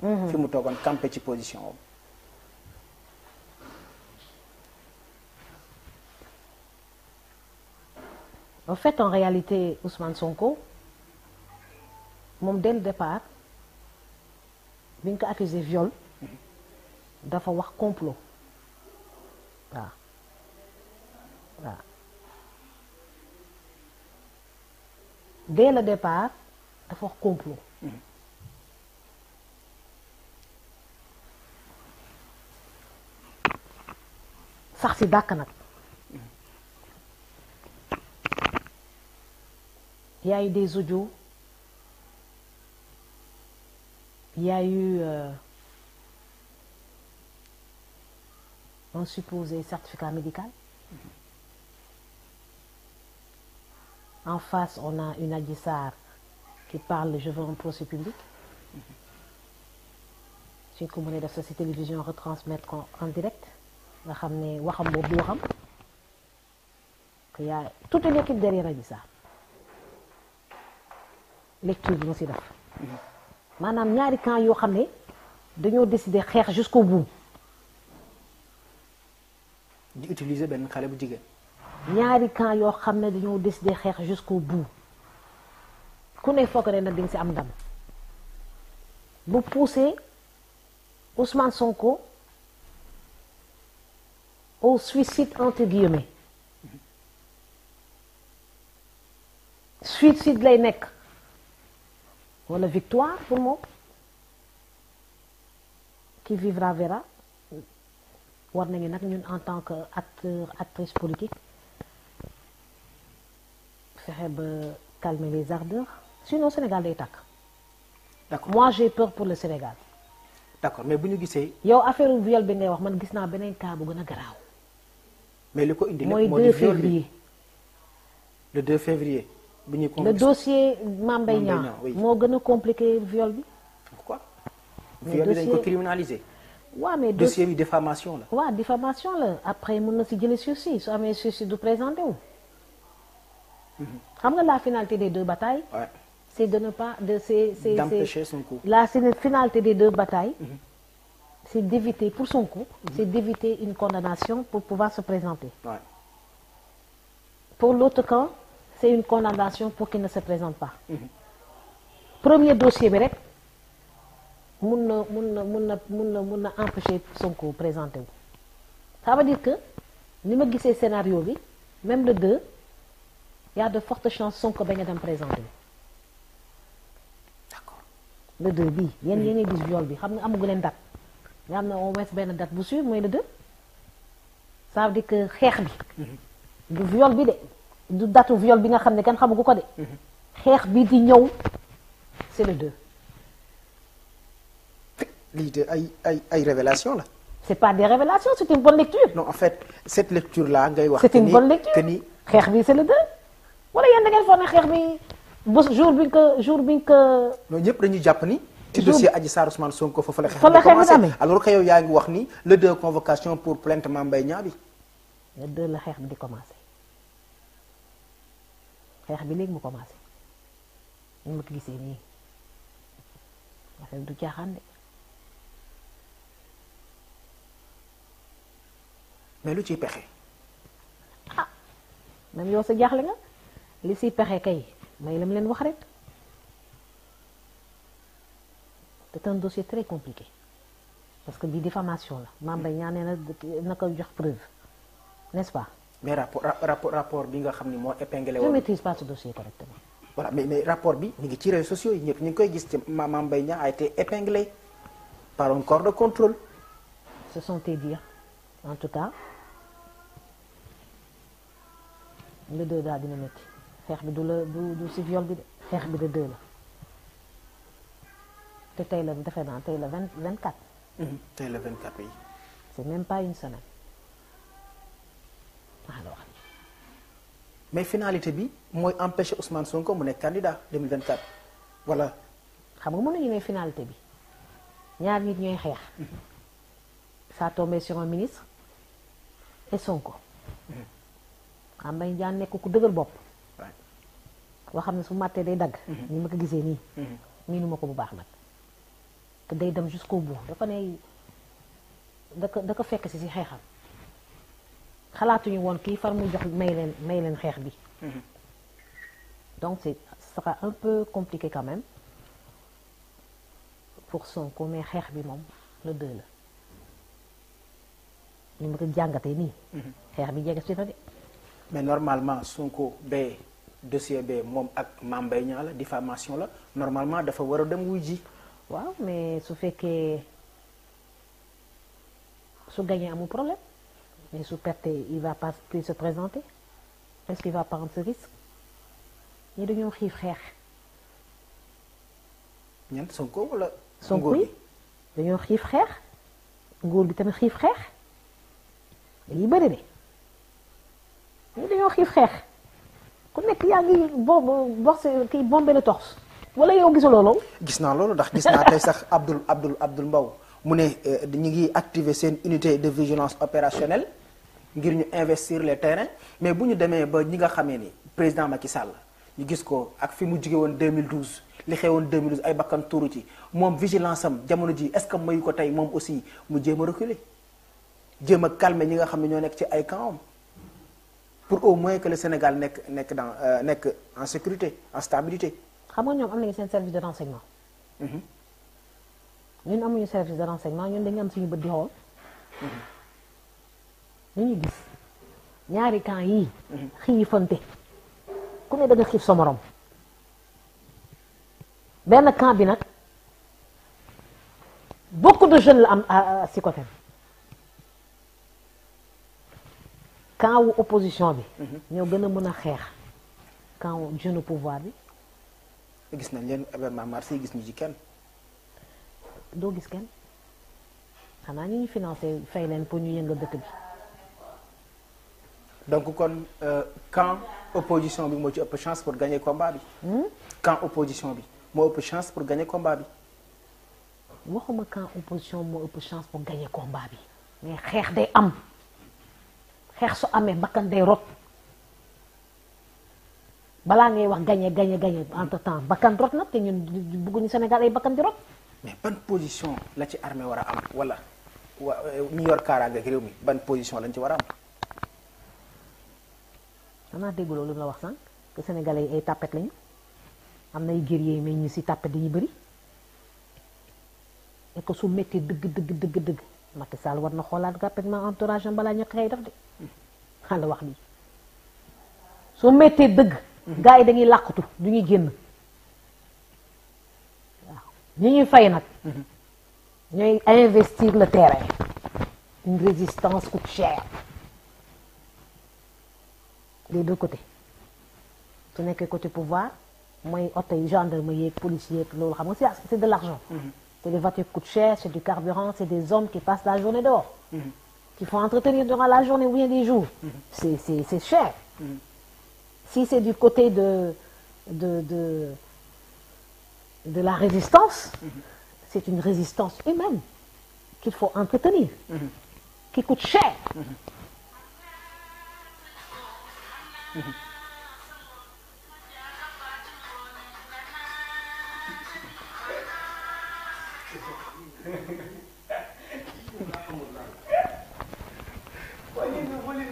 Mm-hmm. fi mu toog campé ci position am. en fait en réalité Ousmane Sonko moom dès le départ bi nga ko accusé mm-hmm. dafa wax complot waaw waaw dès dafa wax complot. sax si dàkk nag y a eu des audios y a eu euh, un supposé médical en face on a une Adji qui parle je veux un procès public suñ ko mënee def sa si télévision retransmettre en direct nga xam ne waxam boobu du waxam que y a toute une équipe derrière Adji bi ma si def maanaam ñaari camp yoo xam ne dañoo décider xeex jusqu'au bout di utiliser benn xale bu jigéen ñaari camp yoo xam ne dañoo décider xeex jusqu'au bout ku ne foog ne nag di nga si am ndam bu poussé Ousmane Sonko au suicide entre guillemets suicide lay nekk wala victoire pour moom ki vivra verra war nañu nag ñun en tant que acteur actrice politique fexe ba calmer les ardeurs sinon Sénégal day takk d'accord moi j'ai peur pour le Sénégal. d'accord mais bu ñu gisee. yow affaire viol bi ngay wax man gis naa beneen cas bu gën a garaaw. mais li ko indi lépp moo di le 2 février bi ñuy le dossier Mame Mbaye Niang moo gën a compliqué viol bi pourquoi viol bi dañ ko criminalisé waaw mais dossier bi diffamation la waaw diffamation la après mën na si jële sursis su amee sursis du présenté wu mm-hmm. xam nga la finalité des de batailles c'est de ne pas de c'est c'est la finalité des de batailles mm-hmm. c'est d'éviter, pour son coup, mmh. c'est d'éviter une condamnation pour pouvoir se présenter. Ouais. Pour l'autre camp, c'est une condamnation pour qu'il ne se présente pas. Mmh. Premier dossier bi rek mun na mun na mun na mun na mun na empêcher Sonko présenté wu. ça veut dire que ni ma gisee scénario bi même le deux y a de fortes chances Sonko bañ a dem présenté d'accord le deux bii yéen yéen a gis viol bi xam nga amagu leen date. nga xam ne au moins benn date bu mooy le deux ça veut dire que xeex bi du viol bi de du datu viol bi nga xam ne kenn xamugu ko de xeex bi di ñëw c'est le deux lii de ay ay ay révélation la c'est pas des révélations c'est une bonne lecture non en fait cette lecture là ngay wax c'est une bonne lecture que ni xeex bi c'est le deux wala yéen da ngeen foog ne xeex bi bés jour bi ko jour biñ ko non ñëpp jàpp ni ci dossier Adji Sarr Ousmane Sonko foofu la xeex bi commencé alors que yaa ngi wax ni le deux convocation pour plainte Mame Mbaye Niang bi la xeex bi di commencé xeex bi léegi mu commencé ñu ma ko gisee nii affaire du caaxaan de mais lu ciy pexe ah même yow sa li siy pexe kay may lam leen wax rek c'est un dossier très compliqué parce que bi diffamation la Mame Mbaye Niang nee na na ko jox preuve n'est-ce pas mais rapport rapport rapport bi nga xam ni moo épinglé woon je maîtrise pas ce dossier correctement voilà mais mais rapport bi ñu ngi ci réseaux sociaux yi ñëpp ñu ngi koy gis te Mame Mbaye Niang a été épinglé par un de contrôle ce sont tes dires en tout cas le deux daal dina métti xeex bi du la du si viol bi de xeex bi de deux la te tey la defe naa tey la vingt vingt quatre. Mhm, tey la vingt quatre oui. c'est même pas une semaine. alors mais finalité bi mooy empêcher Ousmane Sonko mu nekk candidat 2024 voilà. xam nga mënuñu ne finalité bi ñaar nit ñooy xeex. Mhm. ça tombé sur un ministre et Sonko. Mhm. xam nga daan nekk ku dëgër bopp. boo xam ne su màttee day dagg. ni ma ko gisee nii. nii nu ma ko bu baax nag. te day dem jusqu'au bout dafa ne da ko da ko fekk si si xeexam xalaatuñu woon kii far mu jox may leen may leen xeex bi mhm. donc c'est ça sera un peu compliqué quand même pour Sonko mais xeex bi moom le deux la ñu ma ko jàngatee nii mhm. xeex bi jege si na de mais normalement Sonko bee dossier bee moom ak Mame Mbaye Niang la diffamation la normalement dafa war a dem wuy ji waaw mais su fekkee su gagné amul problème mais su perte il va pas plus se présenter est-ce qu'il va prendre ce risque ñi dañoo xiif xeex. ñan Sonko wala. Sonko yi dañoo xiif xeex nguur bi tamit xiif xeex dañuy bëri de ñi dañoo xiif xeex ku nekk yaa ngi bo bo kii bombé le torse. wala yow gisu loolu. gis naa loolu ndax gis naa tey sax Abdoul Abdoul Abdoul Mbow mu ne eh, ñu ngi activer seen unité de vigilance opérationnelle ngir ñu investir les terrains mais bu ñu demee ba ñi nga xamee ni président Macky Sall ñu gis ko ak fi mu jugee woon 2012 li xewoon 2012 ay bakkan tuuru ci moom vigilance am jamono ji est-ce que mayu ko tey moom aussi mu jéem a reculer jéem a calmer ñi nga xam ne ñoo nekk ci ay camp pour au moins que le Sénégal nekk nekk dans euh, nekk en sécurité en xam nga ñoom am nañu seen service de renseignement. Mhm. ñun amuñu service de renseignement ñun dañu am suñu bët di xool. Mhm. ñu ñu gis ñaari camp yi mhm. xiifante ku ne da nga xiif sa benn camp bi nag beaucoup de jeunes la am si côté camp wu opposition bi. ñoo gën a mën a xeex camp wu jeune pouvoir bi. gis nañ leen événement marché yi gis ñu ci kenn. doo gis kenn xanaa ñu ñu financé fay leen pour ñu yëngal dëkk bi. donc kon euh, quand opposition bi moo ci ëpp chance pour gañee komba bi. Hmm? quand opposition bi moo ëpp pour gagner combat bi. waxuma quand opposition moo ëpp chance pour gagner combat bi mais xeex day am xeex su amee bakkan day rot. balaa ngay wax gagné gagné gañe entre temps bakkan rot na te ñun bëgguñu Sénégal ay bakkan di rot. mais ban position la ci armée war a am wala wa ñi euh, yor kaaraange ak réew mi ban position lañ ci war a am. xanaa dégg loolu la wax sànq que ay tapet lañu am nay guerrier mais ñu si tapet ñu bëri et que su métti dëgg dëgg dëgg dëgg war na xoolaat rapidement entourage am balaa ñu xëy def de hmm. xaaral wax lii soo mettee dëgg. Mhm. gars yi dañuy làqatu du ñuy génn waaw ñi ñuy fay nag mhm. ñooy investir le terrain une résistance coûte cher des deux côtés su nekkee côté pouvoir mooy oto yi gendarme yeeg policier yeeg loolu xam nga c'est de l'argent mhm. c'est des voitures coûtent cher c'est du carburant c'est des hommes qui passent la journée dehors qu'il faut entretenir durant la journée ou bien des jours si c'est du côté de, de, de, de la résistance, mmh. c'est une résistance humaine qu'il faut entretenir, mmh. qui coûte cher. Mmh.